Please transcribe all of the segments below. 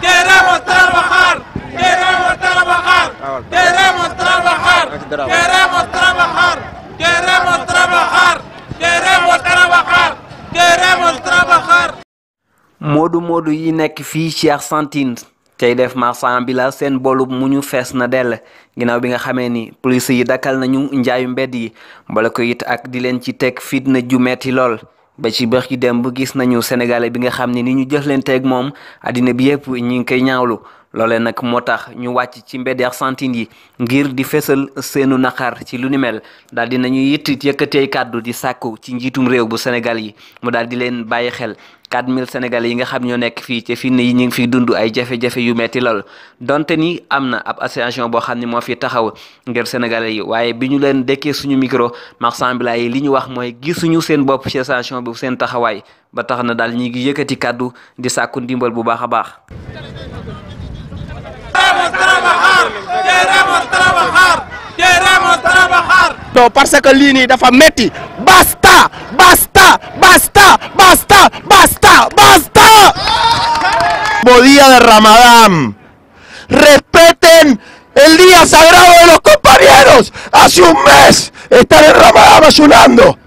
Queremos trabajar, queremos yi nekk fii ci Argentine tey def marsan bi seen bolub mu ñu fees na dell ginnaaw bi nga xamee ni police yi dakkal nañu njaayu mbedd yi mbala ko it ak di leen ci teg fitna ju metti lool. ba ci bëx ki dem bu gis nañu sénégalais bi nga xam ne ni ñu jëflanteeg moom àddina bi yëpp ñi ngi koy ñaawlu loole nag moo tax ñu wàcc ci mbedd Argentine yi ngir di fesal seenu naqar ci lu ni mel daal di nañu it yëkkatee kàddu di sàkku ci njiitum réew bu Sénégal yi mu daal di leen bàyyi xel 4000 sénégalais yi nga xam ñoo nekk fii te fi nii ñu ngi fiy dund ay jafe-jafe yu metti lool donte ni am na ab association boo xam ne moo fi taxaw ngir sénégalais yi waaye bi ñu leen dekkee suñu micro marchand ambulant yi li ñu wax mooy gisuñu seen bopp ci association bu seen taxawaay ba tax na daal ñii ngi yëkkati kàddu di sàkku ndimbal bu baax a baax. to parce que lii nii dafa metti baas séptimo día de Ramadán. Respeten el día sagrado de los compañeros. en Ramadán ayunando.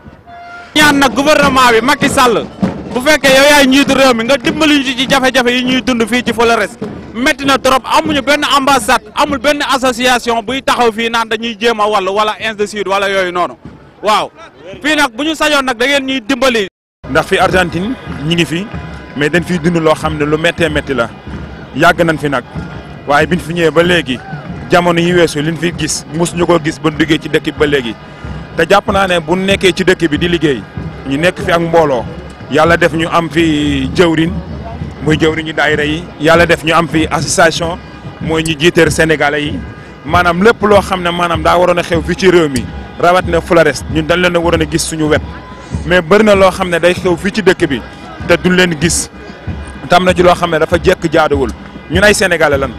ñaan nag gouvernement bi Macky bu fekkee yow yaay njiitu réew mi nga dimbali ci ci jafe-jafe yi ñuy dund fii ci Flores métti na trop amuñu benn ambassade amul benn association buy taxaw fii naan dañuy jéem a wàll wala institut wala yooyu noonu waaw fii nag bu ñu sañoon nag da ngeen dimbali. ndax fi Argentine ñi ngi fi. mais dañ fiy dund loo xam ne lu méttee métti la yàgg nañ fi nag waaye biñ fi ñëwee ba léegi jamono yi weesu liñ fi gis mosuñu ko gis ba liggéey ci dëkk bi ba léegi te jàpp naa ne bu nekkee ci dëkk bi di liggéey ñu nekk fi ak mbooloo yàlla def ñu am fi jëwrin muy jëwriñ ñu daayira yi yàlla def ñu am fi association mooy ñu jiiteer sénégalais yi maanaam lépp loo xam ne maanaam daa waroon a xew fii ci réew mi rawat na Flores ñun dañ leen a waroon a gis suñu wet mais bëri na loo xam ne day xew fii ci dëkk bi te duñ leen gis tam na ci loo xam ne dafa jekk jaaduwul ñun ay sénégalais lan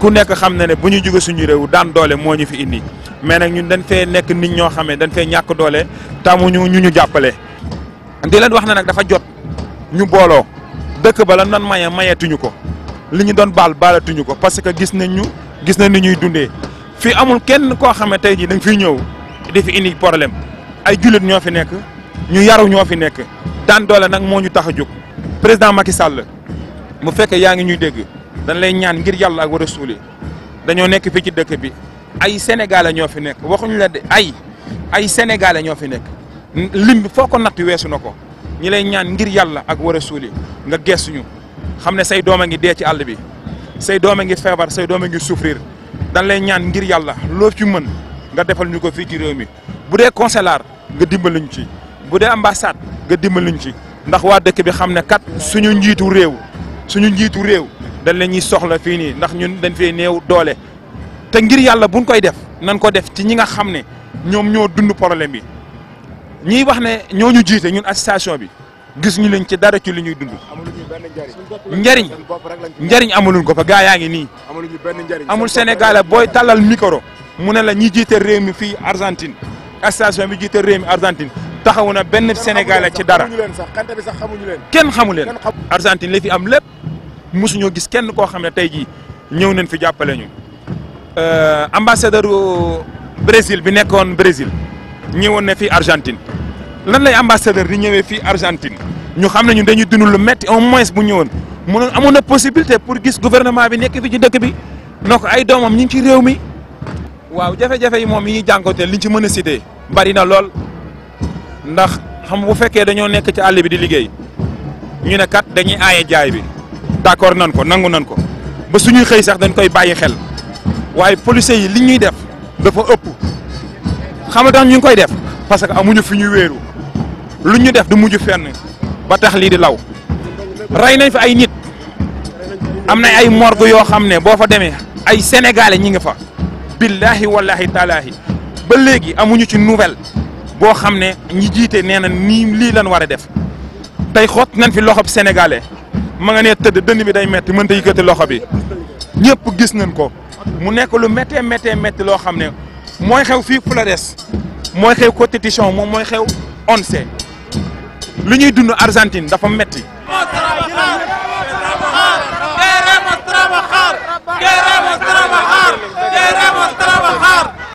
ku nekk xam na ne bu ñu jóge suñu réew daan doole moo ñu fi indi mais nag ñun dañ fee nekk nit ñoo xam ne dañ fee ñàkk doole tamuñu ñu ñu jàppale. di wax ne nag dafa jot ñu booloo dëkk ba nan maye mayeetuñu ko li ñu doon baal baalatuñu ko parce que gis nañ ñu gis nañ ni ñuy dundee fii amul kenn koo xam ne tey jii da nga ñëw di fi indi problème ay jullit ñoo fi nekk. ñu yaru ñoo fi nekk daan doole nag moo ñu tax a jóg président Macky Sall mu fekkee yaa ngi ñuy dégg dañ lay ñaan ngir yàlla ak war a suuli dañoo nekk fii ci dëkk bi ay sénégalais ñoo fi nekk waxuñu la de ay ay sénégalais ñoo fi nekk lim bi foo ko natt ko ñi lay ñaan ngir yàlla ak war a suuli nga geesuñu xam ne say doom a ngi dee ci àll bi say doom a ngi feebar say doom a ngi souffrir dañ lay ñaan ngir yàlla loo ci mën nga defal ñu ko fii ci réew mi bu dee conseillère nga dimbaliñu ci. bu dee ambassade nga dimbaluñ ci ndax waa dëkk bi xam ne kat suñu njiitu réew suñu njiitu réew dañ la ñuy soxla fii nii ndax ñun dañ fee néew doole te ngir yàlla buñ koy def nan ko def ci ñi nga xam ne ñoom ñoo dund problème bi ñiy wax ne ñoo ñu jiite ñun association bi gis ñu leen ci dara ci li ñuy dund. njariñ njariñ amuluñ ko fa gaa yaa ngi nii. amul Sénégal booy tàllal micro mu ne la ñi jiite réew mi fii Argentine association bi jiite réew mi Argentine. taxawu na benn Sénégalais ci dara kenn xamu leen Argentine la fi am lépp mosuñoo gis kenn koo xam ne tey jii ñëw nañ fi jàppale ñu euh, ambassadeur Brésil bi nekkoon Brésil ñëwoon na fi Argentine lan lay ambassadeur di ñëwee fii Argentine ñu xam nañu ñun dañuy dund lu métti au moins bu ñëwoon mun amoon na possibilité pour gis gouvernement bi nekk fi ci dëkk bi noo ay doomam ñi ngi ci réew mi waaw jafe-jafe yi moom yi ñuy jànkoonte liñ ci mën a cité bari na lool ndax xam bu fekkee dañoo nekk ci àll bi di liggéey ñu ne kat dañuy aaye jaay bi d'accord nan ko nangu nan ko ba suñuy xëy sax dañ koy bàyyi xel waaye policiers yi li ñuy def dafa ëpp xam nga ñu ngi koy def parce que amuñu fi ñuy wéeru lu ñu def du mujj fenn ba tax lii di law rey nañ fi ay nit am na ay morgue yoo xam ne boo fa demee ay sénégalais ñi ngi fa billaahi wallaahi taalaahi ba léegi amuñu ci nouvelle boo xam ne ñi jiitee nee na nii lii lan war a def tey xot nañ fi loxob sénégalais ma nga nee tëdd dënn bi day metti mënta yëkkati loxo bi ñëpp gis nañ ko mu nekk lu méttee méttee métti loo xam ne mooy xew fii Flores mooy xew compétition moom mooy xew once lu ñuy dund Argentine dafa metti